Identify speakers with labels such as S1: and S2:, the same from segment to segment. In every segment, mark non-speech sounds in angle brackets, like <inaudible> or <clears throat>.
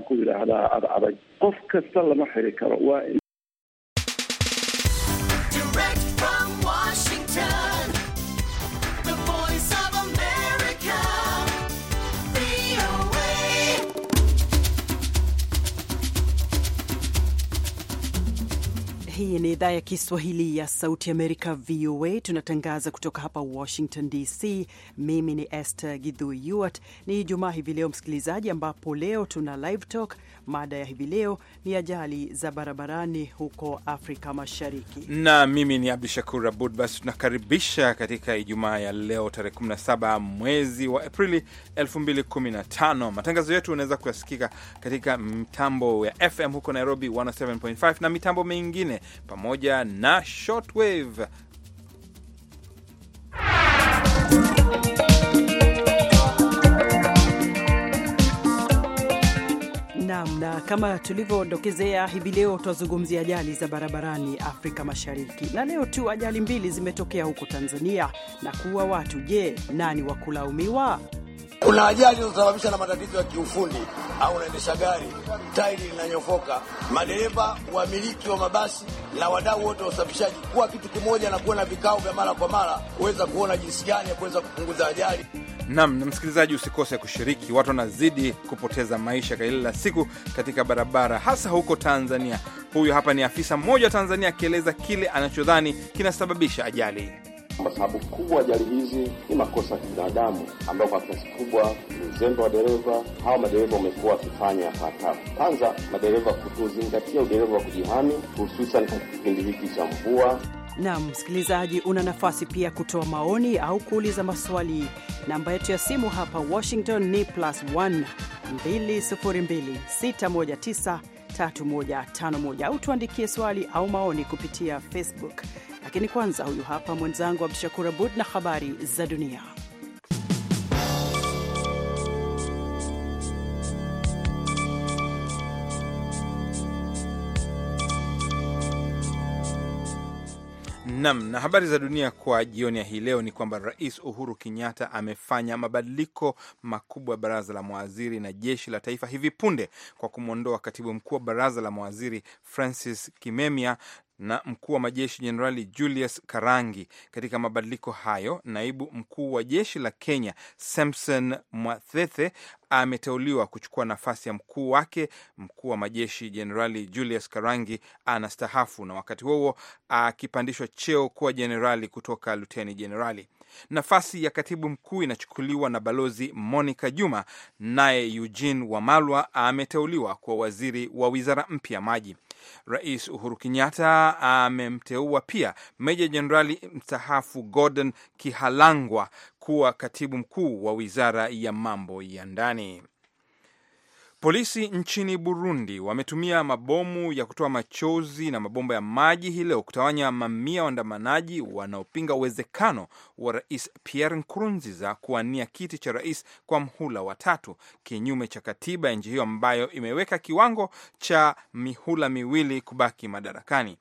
S1: ku yidhaahdaa adag qof kasta lama xiri karo waa
S2: hii ni idhaa ya Kiswahili ya Sauti Amerika, VOA. Tunatangaza kutoka hapa Washington DC. Mimi ni Esther gidhui yuart Ni Ijumaa hivi leo, msikilizaji, ambapo leo tuna live talk. Mada ya hivi leo ni ajali za barabarani huko Afrika Mashariki,
S3: na mimi ni Abdu Shakur Abud. Basi tunakaribisha katika Ijumaa ya leo tarehe 17 mwezi wa Aprili 2015. Matangazo yetu unaweza kuyasikika katika mtambo ya FM huko Nairobi 107.5 na mitambo mingine pamoja na shortwave.
S2: Naam, na kama tulivyodokezea hivi leo twazungumzia ajali za barabarani Afrika Mashariki, na leo tu ajali mbili zimetokea huko Tanzania na kuua watu. Je, nani wa kulaumiwa?
S4: Kuna ajali zinazosababisha na matatizo ya kiufundi au unaendesha gari tairi linanyofoka. Madereva, wamiliki wa mabasi na wadau wote wa usafishaji kuwa kitu kimoja na kuwa na vikao vya mara kwa mara kuweza kuona jinsi gani ya kuweza kupunguza
S1: ajali.
S3: Nam na msikilizaji, usikose kushiriki. Watu wanazidi kupoteza maisha kila siku katika barabara, hasa huko Tanzania. Huyu hapa ni afisa mmoja wa Tanzania akieleza kile anachodhani kinasababisha ajali. Kwa sababu
S5: kubwa ajali hizi ni makosa ya
S4: kibinadamu, ambayo kwa kiasi kubwa ni uzembe wa dereva. Hawa madereva wamekuwa wakifanya yafuatayo: kwanza, madereva kutozingatia udereva wa kujihami, hususan katika kipindi hiki cha mvua.
S2: Naam, msikilizaji, una nafasi pia kutoa maoni au kuuliza maswali. Namba yetu ya simu hapa Washington ni plus 1 202 au tuandikie swali au maoni kupitia Facebook. Lakini kwanza, huyu hapa mwenzangu Abdushakur Abud na habari za dunia.
S3: Nam na habari za dunia kwa jioni ya hii leo ni kwamba Rais Uhuru Kenyatta amefanya mabadiliko makubwa ya baraza la mawaziri na jeshi la taifa hivi punde kwa kumwondoa katibu mkuu wa baraza la mawaziri Francis Kimemia na mkuu wa majeshi Jenerali Julius Karangi. Katika mabadiliko hayo, naibu mkuu wa jeshi la Kenya Samson Mwathethe ameteuliwa kuchukua nafasi ya mkuu wake. Mkuu wa majeshi Jenerali Julius Karangi anastahafu na wakati huo huo akipandishwa cheo kuwa jenerali kutoka luteni jenerali. Nafasi ya katibu mkuu inachukuliwa na Balozi Monica Juma, naye Eugene Wamalwa ameteuliwa kuwa waziri wa wizara mpya maji. Rais Uhuru Kenyatta amemteua pia meja jenerali mstahafu Gordon Kihalangwa kuwa katibu mkuu wa wizara ya mambo ya ndani. Polisi nchini Burundi wametumia mabomu ya kutoa machozi na mabomba ya maji hii leo kutawanya mamia waandamanaji wanaopinga uwezekano wa rais Pierre Nkurunziza kuwania kiti cha rais kwa mhula wa tatu, kinyume cha katiba ya nchi hiyo ambayo imeweka kiwango cha mihula miwili kubaki madarakani.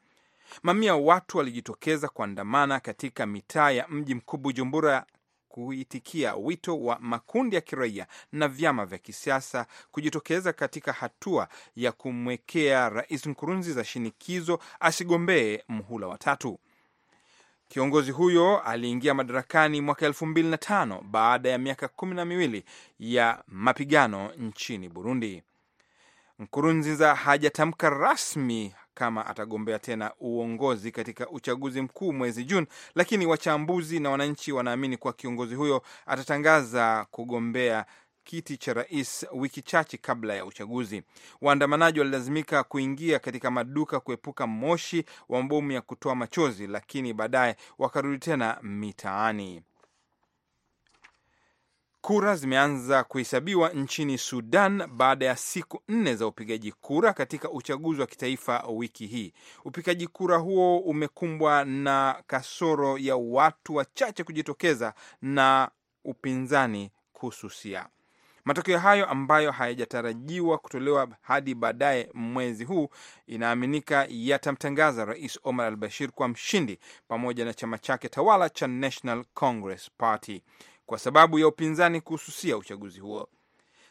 S3: Mamia watu walijitokeza kuandamana katika mitaa ya mji mkuu Bujumbura kuitikia wito wa makundi ya kiraia na vyama vya kisiasa kujitokeza katika hatua ya kumwekea Rais Nkurunziza shinikizo asigombee mhula wa tatu. Kiongozi huyo aliingia madarakani mwaka elfu mbili na tano baada ya miaka kumi na miwili ya mapigano nchini Burundi. Nkurunziza hajatamka rasmi kama atagombea tena uongozi katika uchaguzi mkuu mwezi Juni, lakini wachambuzi na wananchi wanaamini kuwa kiongozi huyo atatangaza kugombea kiti cha rais wiki chache kabla ya uchaguzi. Waandamanaji walilazimika kuingia katika maduka kuepuka moshi wa mabomu ya kutoa machozi, lakini baadaye wakarudi tena mitaani. Kura zimeanza kuhesabiwa nchini Sudan baada ya siku nne za upigaji kura katika uchaguzi wa kitaifa wiki hii. Upigaji kura huo umekumbwa na kasoro ya watu wachache kujitokeza na upinzani kususia. Matokeo hayo ambayo hayajatarajiwa kutolewa hadi baadaye mwezi huu, inaaminika yatamtangaza Rais Omar al Bashir kuwa mshindi pamoja na chama chake tawala cha National Congress Party kwa sababu ya upinzani kuhususia uchaguzi huo.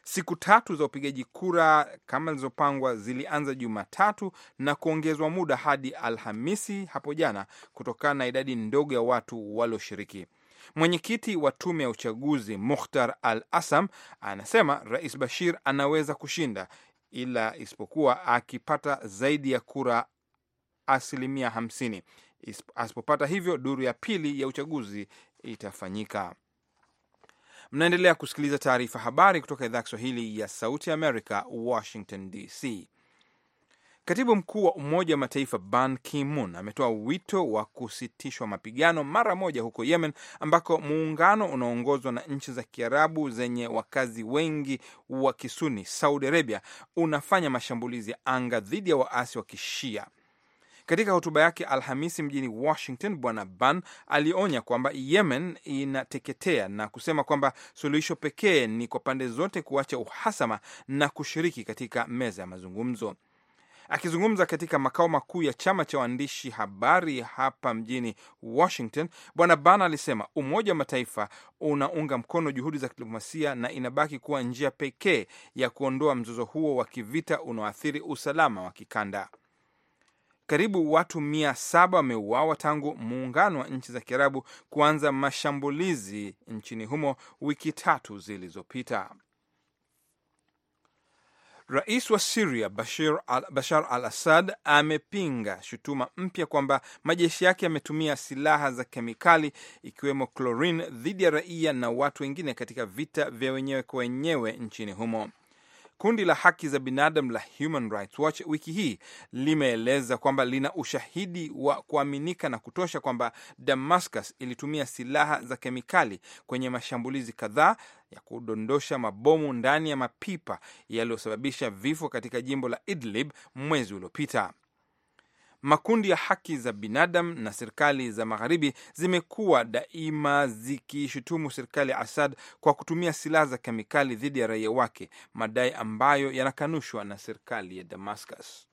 S3: Siku tatu za upigaji kura kama zilizopangwa zilianza Jumatatu na kuongezwa muda hadi Alhamisi hapo jana kutokana na idadi ndogo ya watu walioshiriki. Mwenyekiti wa tume ya uchaguzi Mukhtar Al Asam anasema Rais Bashir anaweza kushinda, ila isipokuwa akipata zaidi ya kura asilimia hamsini. Asipopata hivyo, duru ya pili ya uchaguzi itafanyika. Mnaendelea kusikiliza taarifa habari kutoka idhaa ya Kiswahili ya Sauti ya Amerika, Washington DC. Katibu mkuu wa Umoja wa Mataifa Ban Ki-moon ametoa wito wa kusitishwa mapigano mara moja huko Yemen, ambako muungano unaoongozwa na nchi za Kiarabu zenye wakazi wengi wa Kisuni, Saudi Arabia, unafanya mashambulizi ya anga dhidi ya waasi wa Kishia. Katika hotuba yake Alhamisi mjini Washington, Bwana Ban alionya kwamba Yemen inateketea na kusema kwamba suluhisho pekee ni kwa pande zote kuacha uhasama na kushiriki katika meza ya mazungumzo. Akizungumza katika makao makuu ya chama cha waandishi habari hapa mjini Washington, Bwana Ban alisema Umoja wa Mataifa unaunga mkono juhudi za kidiplomasia na inabaki kuwa njia pekee ya kuondoa mzozo huo wa kivita unaoathiri usalama wa kikanda. Karibu watu mia saba wameuawa tangu muungano wa nchi za Kiarabu kuanza mashambulizi nchini humo wiki tatu zilizopita. Rais wa Siria Bashar al, al Assad amepinga shutuma mpya kwamba majeshi yake yametumia silaha za kemikali ikiwemo klorin dhidi ya raia na watu wengine katika vita vya wenyewe kwa wenyewe nchini humo. Kundi la haki za binadamu la Human Rights Watch wiki hii limeeleza kwamba lina ushahidi wa kuaminika na kutosha kwamba Damascus ilitumia silaha za kemikali kwenye mashambulizi kadhaa ya kudondosha mabomu ndani ya mapipa yaliyosababisha vifo katika jimbo la Idlib mwezi uliopita. Makundi ya haki za binadamu na serikali za magharibi zimekuwa daima zikishutumu serikali ya Assad kwa kutumia silaha za kemikali dhidi ya raia wake, madai ambayo yanakanushwa na serikali ya Damascus.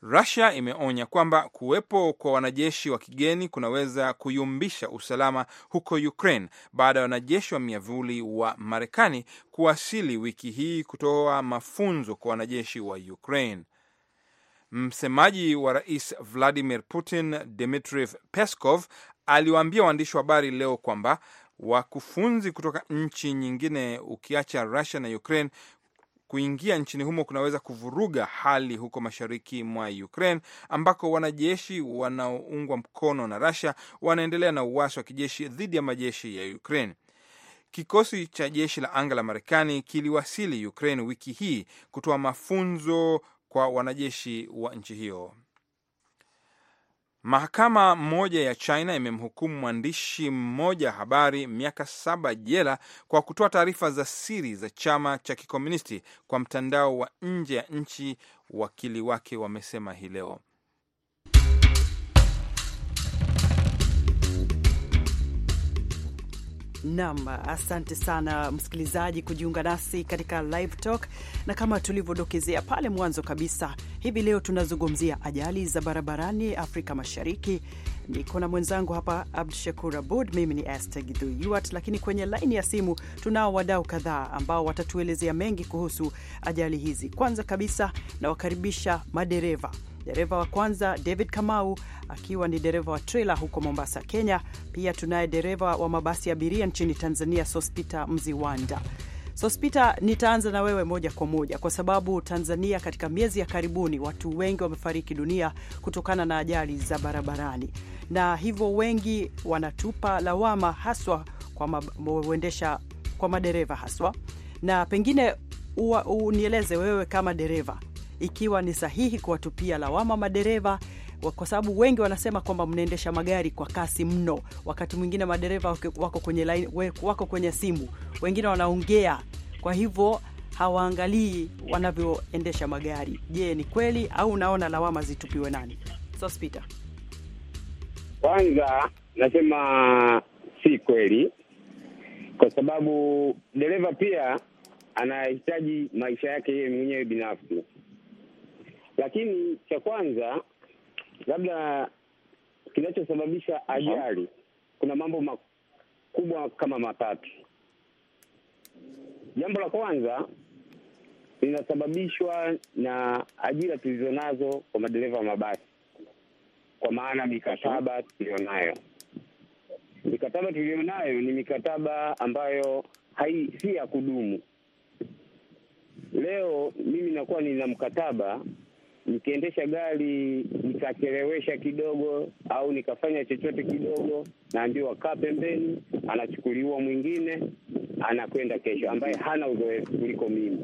S3: Rusia imeonya kwamba kuwepo kwa wanajeshi wa kigeni kunaweza kuyumbisha usalama huko Ukraine baada ya wanajeshi wa miavuli wa Marekani kuwasili wiki hii kutoa mafunzo kwa wanajeshi wa Ukraine. Msemaji wa rais Vladimir Putin, Dmitri Peskov, aliwaambia waandishi wa habari leo kwamba wakufunzi kutoka nchi nyingine ukiacha Russia na Ukraine kuingia nchini humo kunaweza kuvuruga hali huko mashariki mwa Ukraine ambako wanajeshi wanaoungwa mkono na Russia wanaendelea na uasi wa kijeshi dhidi ya majeshi ya Ukraine. Kikosi cha jeshi la anga la Marekani kiliwasili Ukraine wiki hii kutoa mafunzo kwa wanajeshi wa nchi hiyo. Mahakama moja ya China imemhukumu mwandishi mmoja habari miaka saba jela kwa kutoa taarifa za siri za chama cha kikomunisti kwa mtandao wa nje ya nchi, wakili wake wamesema hii leo.
S2: Nam, asante sana msikilizaji kujiunga nasi katika Live Talk, na kama tulivyodokezea pale mwanzo kabisa, hivi leo tunazungumzia ajali za barabarani Afrika Mashariki. Niko na mwenzangu hapa Abdu Shakur Abud, mimi ni Esther Gidhuyuat, lakini kwenye laini ya simu tunao wadau kadhaa ambao watatuelezea mengi kuhusu ajali hizi. Kwanza kabisa nawakaribisha madereva dereva wa kwanza David Kamau akiwa ni dereva wa trela huko Mombasa, Kenya. Pia tunaye dereva wa mabasi ya abiria nchini Tanzania, Sospita Mziwanda. Sospita, nitaanza na wewe moja kwa moja kwa sababu Tanzania katika miezi ya karibuni watu wengi wamefariki dunia kutokana na ajali za barabarani, na hivyo wengi wanatupa lawama haswa kwa uendesha kwa madereva haswa, na pengine unieleze wewe kama dereva ikiwa ni sahihi kuwatupia lawama madereva kwa sababu wengi wanasema kwamba mnaendesha magari kwa kasi mno. Wakati mwingine madereva wako kwenye line, wako kwenye simu, wengine wanaongea, kwa hivyo hawaangalii wanavyoendesha magari. Je, ni kweli au unaona lawama zitupiwe nani? Sospita,
S4: kwanza nasema si kweli, kwa sababu dereva pia anahitaji maisha yake yeye mwenyewe binafsi lakini cha kwanza, labda kinachosababisha ajali, kuna mambo makubwa kama matatu. Jambo la kwanza linasababishwa na ajira tulizo nazo kwa madereva mabasi, kwa maana mikataba tuliyonayo. Mikataba tuliyonayo ni mikataba ambayo hai si ya kudumu. Leo mimi nakuwa nina mkataba nikiendesha gari nikachelewesha kidogo au nikafanya chochote kidogo, naambiwa kaa pembeni, anachukuliwa mwingine, anakwenda kesho, ambaye hana uzoefu kuliko mimi.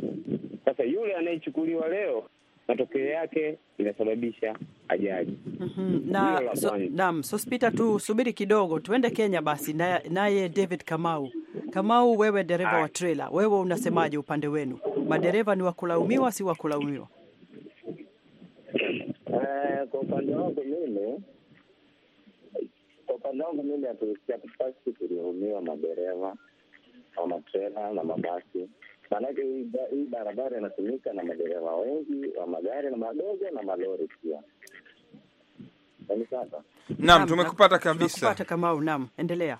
S4: Sasa yule anayechukuliwa leo matokeo yake inasababisha ajali. mm
S2: -hmm. Na, so, naam Sospita, tusubiri kidogo, tuende Kenya basi naye na David Kamau. Kamau, wewe dereva wa trela, wewe unasemaje upande wenu? Madereva ni wakulaumiwa si wakulaumiwa?
S1: Eh, kwa upande wangu mimi, kwa upande wangu mimi hatupasi kulaumiwa madereva wa matrela na mabasi, maanake hii barabara inatumika na madereva wengi wa magari na madogo na malori pia. Yaani naam, tumekupata kabisa,
S2: tumekupata au Naam, endelea.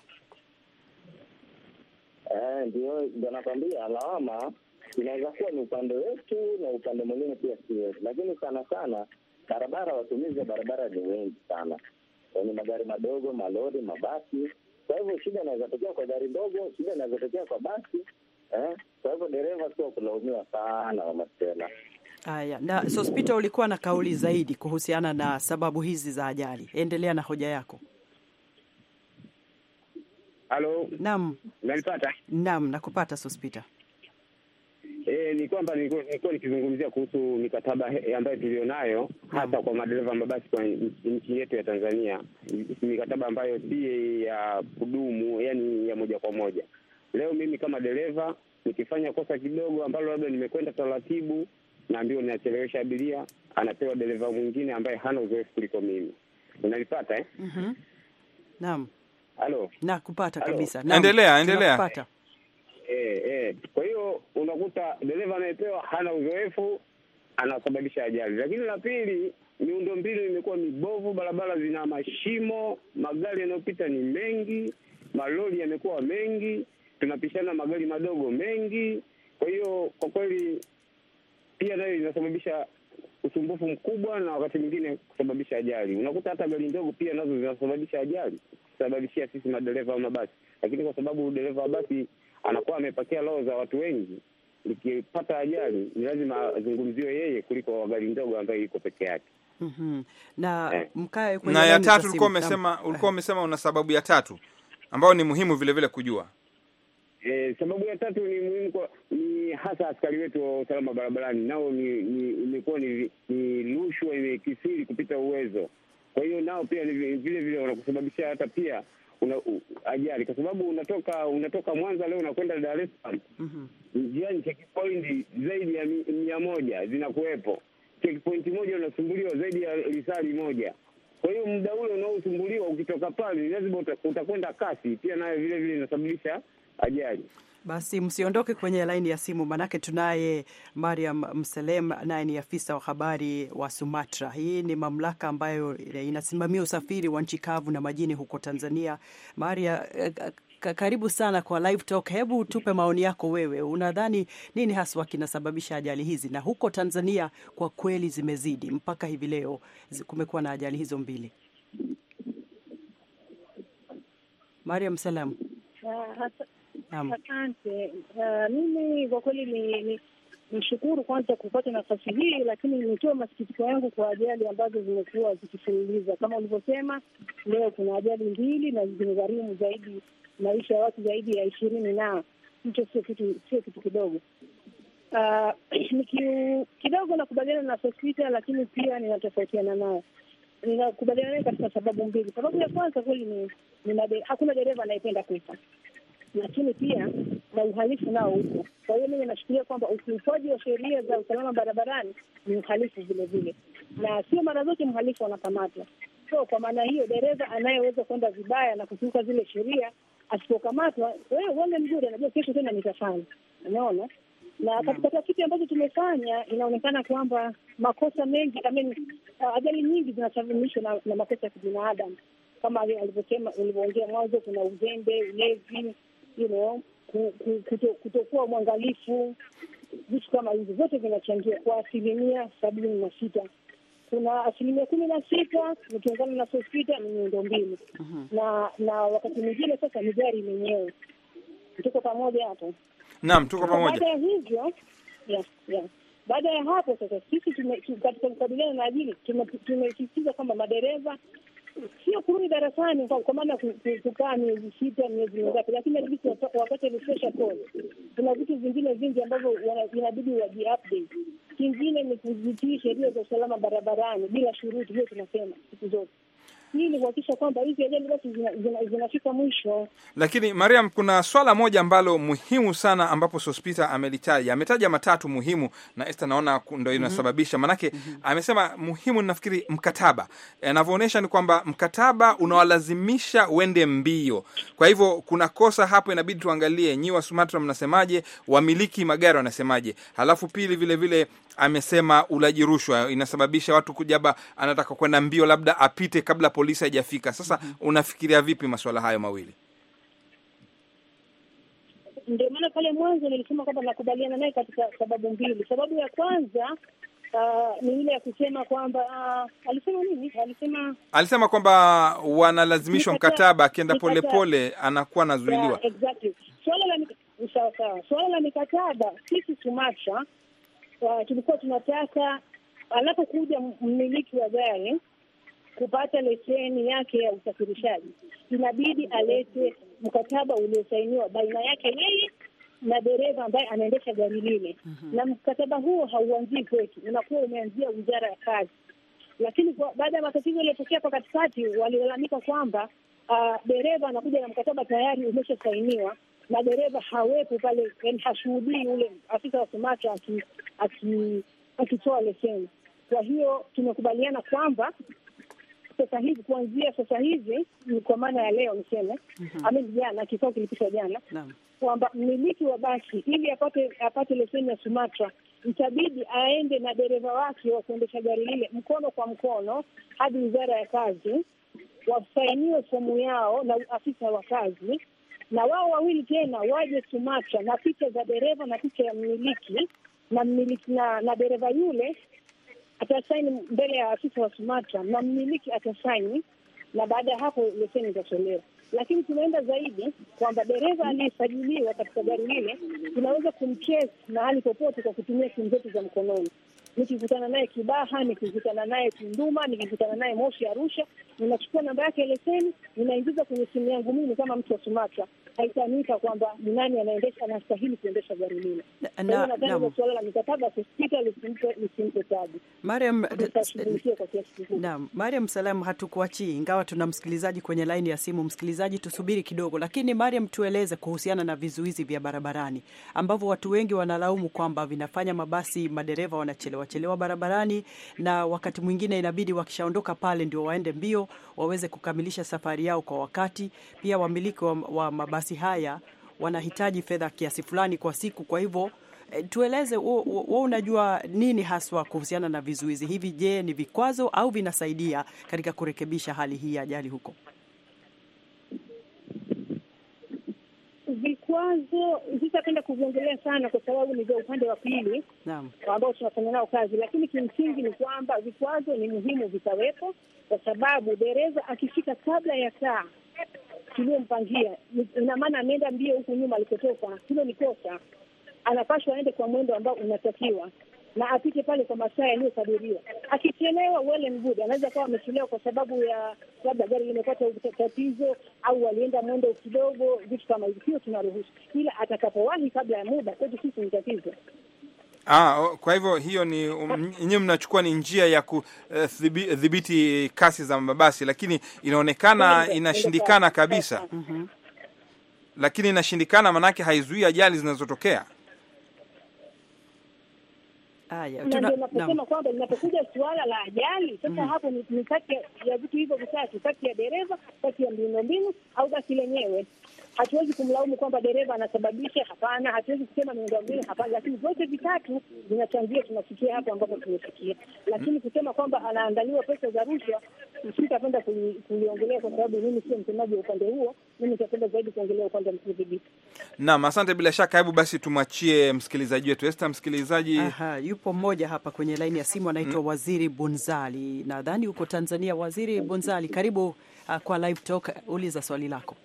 S1: Eh, ndio nakwambia lawama inaweza kuwa ni upande wetu na upande mwingine pia, lakini sana sana Barabara, watumizi wa barabara ni wengi sana, wenye magari madogo, malori, mabasi. Kwa hivyo shida inaweza tokea kwa gari ndogo, shida inaweza tokea kwa basi eh. Kwa hivyo dereva sio kulaumiwa sana, wamasela
S2: Haya, na Sospita, ulikuwa na kauli zaidi kuhusiana na sababu hizi za ajali. Endelea na hoja yako. Halo, naam, nalipata. Naam, nakupata Sospita. E, ni kwamba nilikuwa
S4: nikizungumzia kuhusu mikataba ambayo tuliyonayo hasa kwa madereva mabasi kwa nchi yetu ya Tanzania, mikataba ambayo si ya kudumu, yani ya moja kwa moja. Leo mimi kama dereva nikifanya kosa kidogo ambalo labda nimekwenda taratibu, naambiwa ninachelewesha abiria, anapewa dereva mwingine ambaye hana uzoefu kuliko mimi. Unalipata eh?
S2: mm -hmm. Naam. Halo. Nakupata kabisa. Endelea, endelea
S4: eh, eh. Kwa hiyo unakuta dereva anayepewa hana uzoefu, anasababisha ajali. Lakini la pili, miundo mbinu imekuwa mibovu, barabara zina mashimo, magari yanayopita ni mengi, malori yamekuwa mengi, tunapishana magari madogo mengi. Kwa hiyo kwa kweli pia nayo inasababisha usumbufu mkubwa, na wakati mwingine kusababisha ajali. Unakuta hata gari ndogo pia nazo zinasababisha ajali, kusababishia sisi madereva wa mabasi, lakini kwa sababu dereva wa basi anakuwa amepakia roho za watu wengi. Likipata ajali, ni lazima
S3: azungumziwe yeye kuliko gari ndogo ambayo iko peke yake.
S2: Mm -hmm. Na eh. mkae na ya tatu ulikuwa umesema
S3: ulikuwa umesema una sababu ya tatu ambayo ni muhimu vilevile vile kujua.
S4: Eh, sababu ya tatu ni muhimu kwa ni hasa askari wetu wa usalama barabarani nao imekuwa ni, ni, ni, ni rushwa imekithiri kupita uwezo. Kwa hiyo nao pia ni vile vile wanakusababishia hata pia una, u, ajali kwa sababu unatoka unatoka Mwanza leo unakwenda Dar es Salaam mm -hmm. njiani checkpoint zaidi ya mia moja zinakuwepo. Checkpoint moja unasumbuliwa zaidi ya risali moja. Kwa hiyo muda ule unaosumbuliwa ukitoka pale, lazima utakwenda kasi, pia nayo vile vile inasababisha ajali.
S2: Basi msiondoke kwenye laini ya simu, manake tunaye Mariam Mselem, naye ni afisa wa habari wa Sumatra. Hii ni mamlaka ambayo inasimamia usafiri wa nchi kavu na majini huko Tanzania. Maria, eh, karibu sana kwa Live Talk. Hebu tupe maoni yako, wewe unadhani nini haswa kinasababisha ajali hizi? Na huko Tanzania kwa kweli zimezidi, mpaka hivi leo kumekuwa na ajali hizo mbili. Mariam
S6: Asante. Uh, mimi kwa kweli ni, ni nishukuru kwanza kupata nafasi hii, lakini nitoe masikitiko yangu kwa ajali ambazo zimekuwa zikifululiza. Kama ulivyosema, leo kuna ajali mbili na zimegharimu zaidi maisha ya watu zaidi ya ishirini, na hicho sio kitu sio kitu kidogo. Uh, <clears throat> niki- kidogo nakubaliana na Sospita, lakini pia ninatofautiana nayo. Ninakubaliana naye katika sababu mbili. Sababu ya kwanza kweli ni, ni hakuna dereva anayependa kufa lakini pia na uhalifu nao huko Kwa hiyo mimi nashukuria kwamba ukiukaji wa sheria za usalama barabarani ni uhalifu vilevile, na sio mara zote mhalifu anakamatwa. So kwa maana hiyo, dereva anayeweza kwenda vibaya na kukiuka zile sheria asipokamatwa, wewe uone mzuri, anajua kesho tena nitafanya. Unaona, na katika tafiti ambacho tumefanya inaonekana kwamba makosa mengi I mean, uh, ajali nyingi zinasababishwa na, na makosa ya kibinadamu kama alivyosema, ulivyoongea mwanzo, kuna uzembe, ulevi you know, kutokuwa mwangalifu, vitu kama hivi vyote vinachangia kwa asilimia sabini na sita. Kuna asilimia kumi na sita ukiungana na hospitali ni miundo mbinu na na wakati mwingine sasa ni gari lenyewe. Tuko pamoja hapo?
S3: Naam, tuko pamoja. Baada ya
S6: hivyo, yeah, yeah. Baada ya hapo sasa sisi katika kukabiliana na ajili tumesisitiza kwamba madereva sio kurudi darasani kwa maana kukaa miezi sita miezi mingapi, lakini wapate refresher course. Kuna vitu vingine vingi ambavyo inabidi waji-update. Kingine ni kuzitii sheria za usalama barabarani bila shuruti, hiyo tunasema siku zote ili kuhakikisha kwamba hizi ajali basi zinafika mwisho.
S3: Lakini Mariam, kuna swala moja ambalo muhimu sana ambapo Sospita amelitaja, ametaja matatu muhimu na Esther naona ndo mhm. inasababisha manake, mm -hmm. amesema muhimu, nafikiri mkataba anavyoonyesha ni kwamba mkataba unawalazimisha uende mbio. Kwa hivyo kuna kosa hapo, inabidi tuangalie nyi wa Sumatra mnasemaje, wamiliki magari wanasemaje, halafu pili vilevile vile, amesema ulaji rushwa inasababisha watu kujaba, anataka kwenda mbio, labda apite kabla polisi haijafika. Sasa mhm. unafikiria vipi masuala hayo mawili?
S6: Ndio maana pale mwanzo nilisema kwamba nakubaliana naye katika sababu mbili. Sababu ya kwanza Uh, ni ile ya kusema kwamba uh, alisema nini? Alisema
S3: alisema kwamba wanalazimishwa mkataba, akienda polepole anakuwa anazuiliwa. Yeah,
S6: exactly. Swala la swala la mikataba sisi Sumatra uh, tulikuwa tunataka anapokuja mmiliki wa gari kupata leseni yake ya usafirishaji, inabidi alete mkataba uliosainiwa baina yake yeye na dereva ambaye anaendesha gari lile. mm -hmm. Na mkataba huo hauanzii kwetu, unakuwa umeanzia wizara ya kazi. Lakini baada ya matatizo yaliyotokea kwa katikati, walilalamika kwamba uh, dereva anakuja na mkataba tayari umeshasainiwa na dereva hawepo pale, yani hashuhudii ule afisa wa SUMATRA akitoa leseni. Kwa hiyo tumekubaliana kwamba sasa hivi kuanzia sasa hivi ni kwa maana ya leo niseme, mm -hmm. jana kikao kilipita jana kwamba mmiliki wa basi ili apate apate leseni ya SUMATRA itabidi aende na dereva wake wa kuendesha gari lile mkono kwa mkono hadi wizara ya kazi, wasainiwe fomu yao na afisa wa kazi, na wao wawili tena waje SUMATRA na picha za dereva na picha ya mmiliki na mmiliki na, na dereva yule atasaini mbele ya afisa wa SUMATRA na mmiliki atasaini, na baada ya hapo leseni itatolewa. Lakini tunaenda zaidi kwamba dereva aliyesajiliwa katika gari lile tunaweza kumchesi mahali popote kwa kutumia simu zetu za mkononi. Nikikutana naye Kibaha, nikikutana naye Tunduma, nikikutana naye Moshi, Arusha, ninachukua namba yake ya leseni, ninaingiza kwenye simu yangu mimi kama mtu wa SUMATRA haitanika kwamba ni nani anaendesha anastahili kuendesha gari lile. Nadhani suala la mikataba kusita lisimpe tabu.
S2: Eh, naam, Mariam Salamu, hatukuachii ingawa tuna msikilizaji kwenye laini ya simu. Msikilizaji, tusubiri kidogo, lakini Mariam, tueleze kuhusiana na vizuizi vya barabarani ambavyo watu wengi wanalaumu kwamba vinafanya mabasi madereva wanachelewa chelewa barabarani, na wakati mwingine inabidi wakishaondoka pale ndio waende mbio waweze kukamilisha safari yao kwa wakati. Pia wamiliki wa, wa mabasi mabasi haya wanahitaji fedha kiasi fulani kwa siku. Kwa hivyo eh, tueleze, wewe unajua nini haswa kuhusiana na vizuizi hivi? Je, ni vikwazo au vinasaidia katika kurekebisha hali hii ya ajali huko?
S6: Vikwazo sitapenda kuviongelea sana, kwa sababu ni vya upande wa pili ambao tunafanya nao kazi, lakini kimsingi ni kwamba vikwazo ni muhimu, vitawepo kwa sababu dereva akifika kabla ya saa tuliompangia Ina maana ameenda mbio huku nyuma alikotoka, hilo ni kosa. Anapashwa aende kwa mwendo ambao unatakiwa na apite pale kwa masaa yaliyokadiriwa. Akichelewa and good, anaweza kawa amechelewa kwa sababu ya labda gari limepata tatizo au walienda mwendo kidogo, vitu kama hivi, hiyo tunaruhusu, ila atakapowahi kabla ya muda kwetu sisi ni tatizo.
S3: Ah, kwa hivyo hiyo ni um, nyinyi mnachukua ni njia ya kudhibiti eh, kasi za mabasi, lakini inaonekana inashindikana kabisa. Mm-hmm. Lakini inashindikana manake haizuii ajali zinazotokea. Naposema
S6: kwamba inapokuja suala la ajali sasa, mm-hmm. hapo ni kati ya vitu hivyo vitatu, kati ya dereva, kati ya miundombinu au basi lenyewe hatuwezi kumlaumu kwamba dereva anasababisha, hapana. Hatuwezi kusema miundombinu, hapana, lakini vyote vitatu vinachangia tunafikia hapo ambapo tumefikia. Lakini kusema kwamba anaandaliwa pesa za rushwa, sitapenda kuliongelea kwa sababu mimi sio msemaji wa upande huo. Mimi nitapenda zaidi kuongelea upande wa mkudhibiti.
S3: Naam, asante. Bila shaka, hebu basi tumwachie msikilizaji wetu Esta. Msikilizaji aha,
S2: yupo mmoja hapa kwenye laini ya simu anaitwa mm, Waziri Bunzali, nadhani huko Tanzania. Waziri Bunzali, karibu uh, kwa Live Talk, uliza swali lako.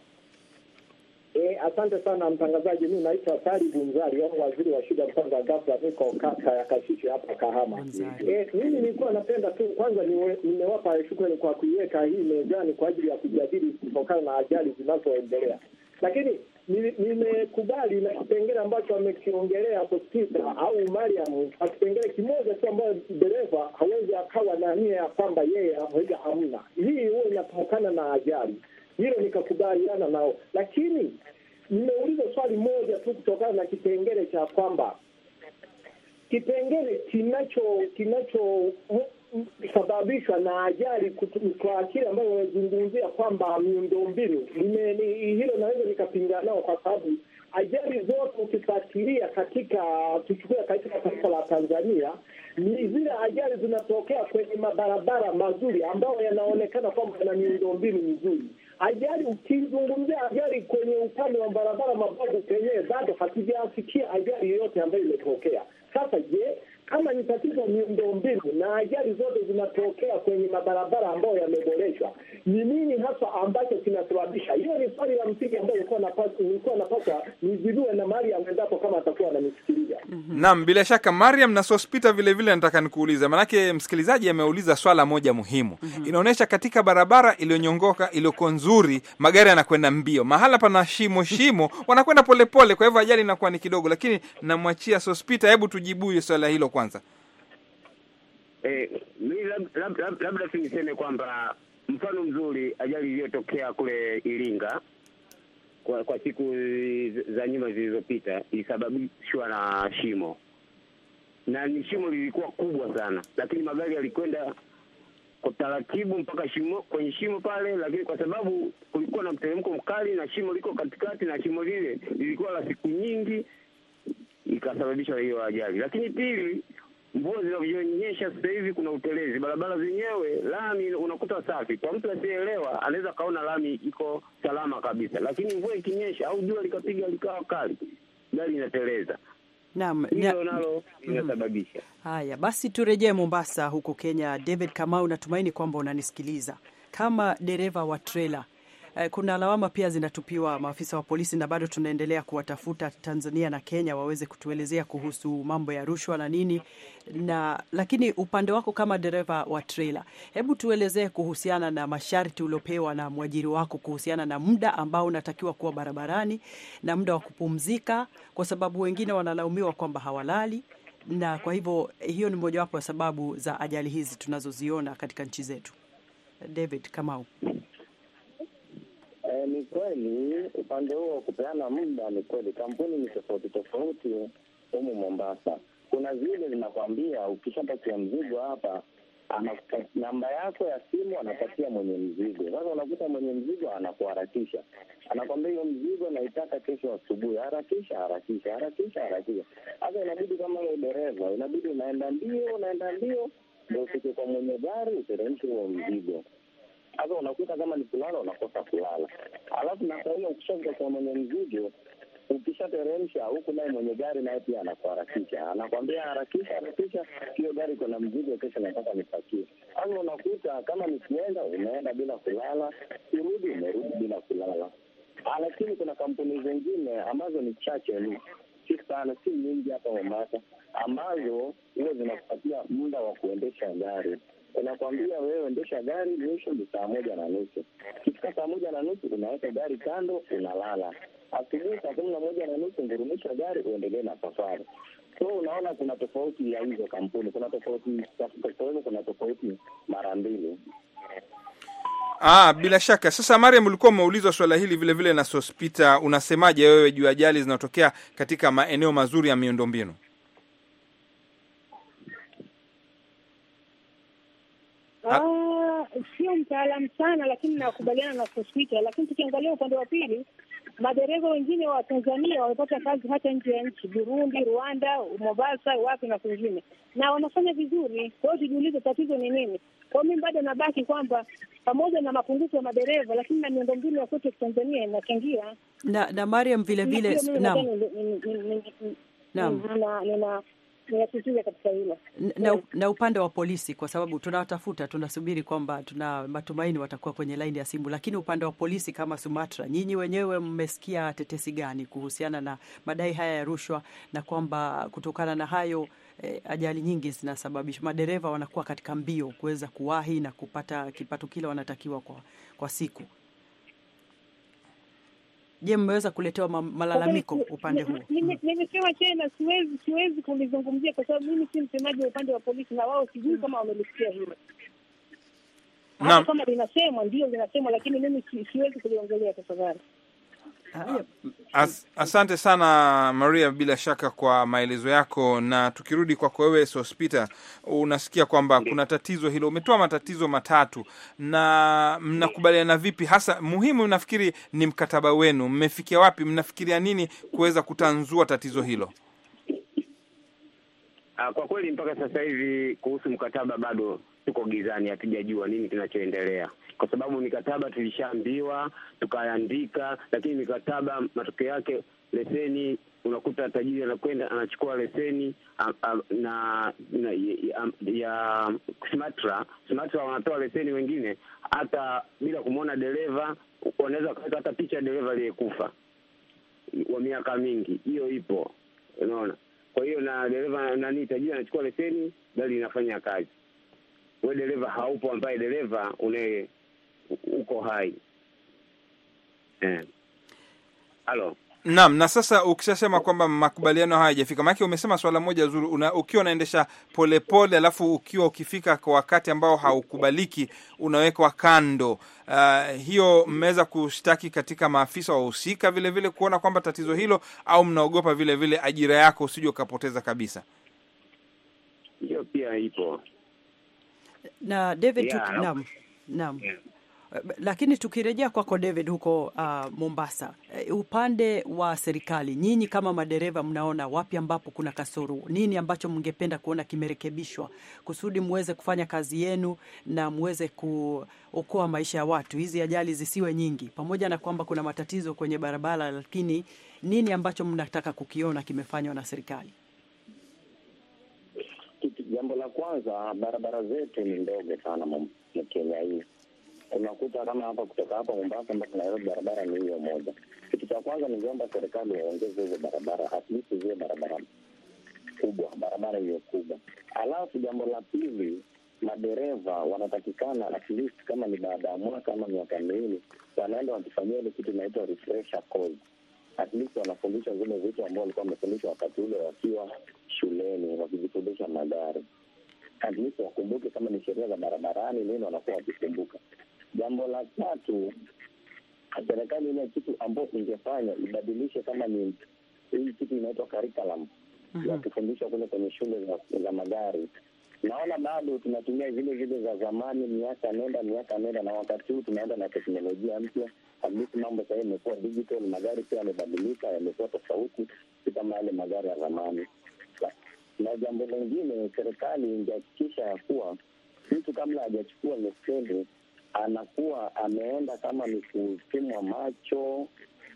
S5: E, asante sana mtangazaji. Mi naitwa Sari Bunzari au waziri wa shida kwanza ghafla, niko kata ya Kashishi hapa Kahama. E, mimi nilikuwa napenda tu kwanza nimewapa shukrani kwa kuiweka hii mezani kwa ajili ya kujadili kutokana na ajali zinazoendelea, lakini nimekubali na kipengele ambacho amekiongelea Postita au Mariam, akipengele kipengele kimoja tu ambayo dereva hawezi akawa na nia ya kwamba yeye hamna. Hii huwa inatokana na ajali hilo nikakubaliana nao, lakini nimeuliza swali moja tu kutokana na kipengele cha kwamba kipengele kinacho kinachosababishwa na ajali kwa akili ambayo wamezungumzia kwamba miundombinu, hilo naweza nikapingana nao kwa sababu ajali zote ukifuatilia katika tuchukulia katika taifa la Tanzania ni zile ajali zinatokea kwenye mabarabara mazuri ambayo yanaonekana kwamba yana miundombinu mizuri ajali, ukizungumzia ajali kwenye upande wa barabara mabavu penyewe, bado hatujasikia ajali yoyote ambayo imetokea. Sasa je, kama ni tatizo miundo mbinu na ajali zote zinatokea kwenye mabarabara ambayo yameboreshwa, ni nini hasa ambacho kinasababisha hiyo? Ni swali la msingi ambayo ilikuwa napaswa nizidue na Mariam endapo kama atakuwa ananisikiliza.
S3: mm Naam, bila shaka Mariam na Sospita vile vile nataka nikuulize, maanake msikilizaji ameuliza swala moja muhimu. mm -hmm. Inaonyesha katika barabara iliyonyongoka iliyoko nzuri, magari yanakwenda mbio, mahala pana shimo shimo wanakwenda polepole, kwa hivyo ajali inakuwa ni kidogo, lakini namwachia Sospita, hebu tujibuye swala hilo kwa kwanza?
S4: Eh, mi labda lab, lab, lab, niseme kwamba mfano mzuri ajali iliyotokea kule Iringa kwa, kwa siku za nyuma zilizopita ilisababishwa na shimo, na ni shimo lilikuwa kubwa sana, lakini magari yalikwenda kwa taratibu mpaka shimo kwenye shimo pale, lakini kwa sababu kulikuwa na mteremko mkali na shimo liko katikati, na shimo lile lilikuwa la siku nyingi ikasababisha hiyo ajali. Lakini pili, mvua zinavyonyesha sasa hivi kuna utelezi, barabara zenyewe lami unakuta safi. Kwa mtu asiyeelewa anaweza kaona lami iko salama kabisa, lakini mvua ikinyesha au jua likapiga likawa kali, gari inateleza.
S2: Naam, hilo nalo mhm.
S4: linasababisha
S2: haya. Basi turejee Mombasa huko Kenya. David Kamau, natumaini kwamba unanisikiliza kama dereva wa trela eh, kuna lawama pia zinatupiwa maafisa wa polisi, na bado tunaendelea kuwatafuta Tanzania na Kenya waweze kutuelezea kuhusu mambo ya rushwa na nini na, lakini upande wako kama dereva wa trailer, hebu tuelezee kuhusiana na masharti uliopewa na mwajiri wako kuhusiana na muda ambao unatakiwa kuwa barabarani na muda wa kupumzika, kwa sababu wengine wanalaumiwa kwamba hawalali na kwa hivyo hiyo ni mojawapo ya sababu za ajali hizi tunazoziona katika nchi zetu. David Kamau.
S1: Eh, ni kweli upande huo wa kupeana muda, ni kweli kampuni ni tofauti tofauti humu Mombasa. Kuna zile zinakwambia ukishapakia mzigo hapa, namba yako ya simu anapatia mwenye mzigo. Sasa unakuta mwenye mzigo anakuharakisha, anakwambia hiyo mzigo naitaka kesho asubuhi, harakisha harakisha harakisha harakisha. Sasa inabidi kama wewe dereva, inabidi unaenda mbio unaenda mbio, ndio ufike kwa mwenye gari uteremshe huo mzigo. Sasa unakuta kama ni kulala, unakosa kulala. Alafu na kwa hiyo ukishafika kwa mwenye mzigo ukishateremsha huku, naye mwenye gari naye pia anakuharakisha, anakwambia harakisha, harakisha, hiyo gari iko na mzigo, kesho nataka nipakie. Sasa unakuta kama ni kuenda, umeenda bila kulala, kurudi, umerudi bila kulala. Ah, lakini kuna kampuni zingine ambazo ni chache, ni si sana, si nyingi hapa Mombasa, ambazo huwa zinakupatia muda wa kuendesha gari unakwambia wewe endesha gari mwisho ni saa moja na nusu. kifika saa moja na nusu unaweka gari kando, unalala. Asubuhi saa kumi na moja na nusu ngurumisha gari uendelee na safari. So unaona kuna tofauti ya hizo kampuni, kuna tofauti, kuna tofauti mara mbili.
S3: Ah, bila shaka. Sasa Mariam, ulikuwa umeulizwa swala hili vile vile na Sospita, unasemaje wewe juu ya ajali zinatokea katika maeneo mazuri ya miundombinu?
S6: sio mtaalamu sana, lakini nakubaliana na kusikika. Lakini tukiangalia upande wa pili, madereva wengine wa Tanzania wamepata kazi hata nje ya nchi, Burundi, Rwanda, Mombasa, wapi na kwingine, na wanafanya vizuri. Kwa hiyo tujiulize tatizo ni nini? Kwa mimi bado nabaki kwamba pamoja na mapungufu ya madereva, lakini na mbinu ya kote Tanzania inachangia
S2: na na Mariam, vile vile naam,
S6: naam, tunakuzuia katika hilo
S2: na, na upande wa polisi, kwa sababu tunawatafuta, tunasubiri kwamba tuna matumaini watakuwa kwenye laini ya simu. Lakini upande wa polisi kama Sumatra, nyinyi wenyewe mmesikia tetesi gani kuhusiana na madai haya ya rushwa na kwamba kutokana na hayo eh, ajali nyingi zinasababishwa, madereva wanakuwa katika mbio kuweza kuwahi na kupata kipato kile wanatakiwa kwa, kwa siku? Je, mmeweza kuletewa malalamiko upande huo? Hmm.
S6: Nimesema tena, siwezi siwezi kulizungumzia kwa sababu mimi si msemaji wa upande wa polisi na wao sijui kama wamelisikia hilo kama linasemwa, ndio linasemwa, lakini mimi siwezi kuliongelea tafadhali.
S3: Ah, ah. As, asante sana Maria, bila shaka kwa maelezo yako. Na tukirudi kwako wewe Sospita, unasikia kwamba kuna tatizo hilo, umetoa matatizo matatu na mnakubaliana vipi hasa? Muhimu nafikiri ni mkataba wenu, mmefikia wapi? Mnafikiria nini kuweza kutanzua tatizo hilo?
S4: Ah, kwa kweli mpaka sasa hivi kuhusu mkataba bado tuko gizani, hatujajua nini kinachoendelea kwa sababu mikataba tulishaambiwa tukaandika, lakini mikataba matokeo yake leseni unakuta tajiri anakwenda anachukua leseni a, a, na, na ya, ya SMATRA. SMATRA wanatoa leseni wengine hata bila kumwona dereva, wanaweza wakaweka hata picha ya dereva aliyekufa wa miaka mingi. Hiyo ipo, unaona. Kwa hiyo na dereva nani, tajiri anachukua leseni, gari inafanya kazi, we dereva haupo, ambaye dereva unaye uko
S3: hai eh. Halo. Naam, na sasa ukishasema kwamba makubaliano haya yajafika maanake umesema swala moja zuri una, ukiwa unaendesha polepole alafu ukiwa ukifika kwa wakati ambao haukubaliki unawekwa kando. Uh, hiyo mmeweza kushtaki katika maafisa wahusika vilevile kuona kwamba tatizo hilo, au mnaogopa vilevile ajira yako usije ukapoteza kabisa?
S1: Hiyo pia
S4: ipo
S2: na David, naam naam yeah. Lakini tukirejea kwako David huko uh, Mombasa, eh, upande wa serikali, nyinyi kama madereva mnaona wapi ambapo kuna kasoro? Nini ambacho mngependa kuona kimerekebishwa kusudi mweze kufanya kazi yenu na mweze kuokoa maisha ya watu, hizi ajali zisiwe nyingi? Pamoja na kwamba kuna matatizo kwenye barabara, lakini nini ambacho mnataka kukiona kimefanywa na serikali?
S1: Jambo la kwanza, barabara zetu ni ndogo sana Kenya hii unakuta kama hapa kutoka hapa Mombasa mpaka Nairobi barabara ni hiyo moja. Kitu cha kwanza ningeomba serikali iongeze hizo barabara, at least barabara kubwa, barabara hiyo kubwa. Alafu jambo la pili, madereva wanatakikana at least kama ni baada ya mwaka ama miaka miwili, wanaenda wakifanyia ile kitu inaitwa refresher course at least wanafundishwa zile vitu ambao walikuwa wamefundishwa wakati ule wakiwa shuleni wakijifundisha magari. At least wakumbuke kama ni sheria za barabarani nini, wanakuwa wakikumbuka. Jambo la tatu, serikali ile kitu ambayo ingefanya ibadilishe, kama ni hii kitu inaitwa curriculum ya mhm. kufundishwa kule kwenye shule za, za magari. Naona bado tunatumia vile vile za zamani, miaka nenda miaka nenda, na wakati huu tunaenda na teknolojia mpya kabisa. Mambo sahii imekuwa digital, magari pia yamebadilika, yamekuwa tofauti, si kama yale magari ya zamani. Na jambo lingine, serikali ingehakikisha ya kuwa mtu kabla hajachukua leseni anakuwa ameenda kama ni kupimwa macho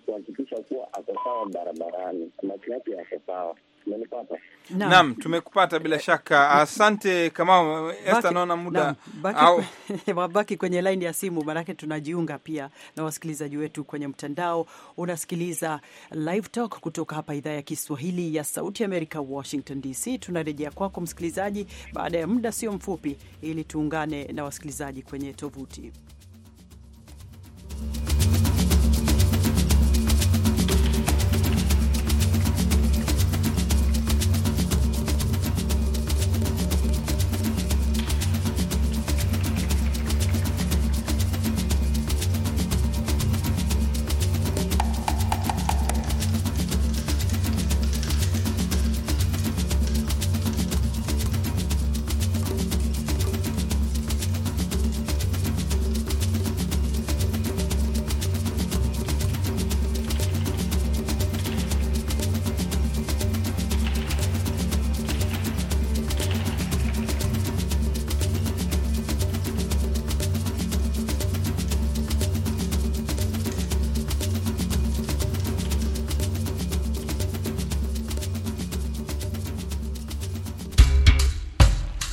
S1: kuhakikisha kuwa ako sawa barabarani,
S3: macho yake yako sawa. Tumenipata? Naam, tumekupata bila shaka. Asante kama Esta, naona muda
S2: wabaki <laughs> kwenye laini ya simu, maanake tunajiunga pia na wasikilizaji wetu kwenye mtandao. Unasikiliza Live Talk kutoka hapa idhaa ya Kiswahili ya Sauti Amerika, Washington DC. Tunarejea kwako msikilizaji, baada ya muda sio mfupi, ili tuungane na wasikilizaji kwenye tovuti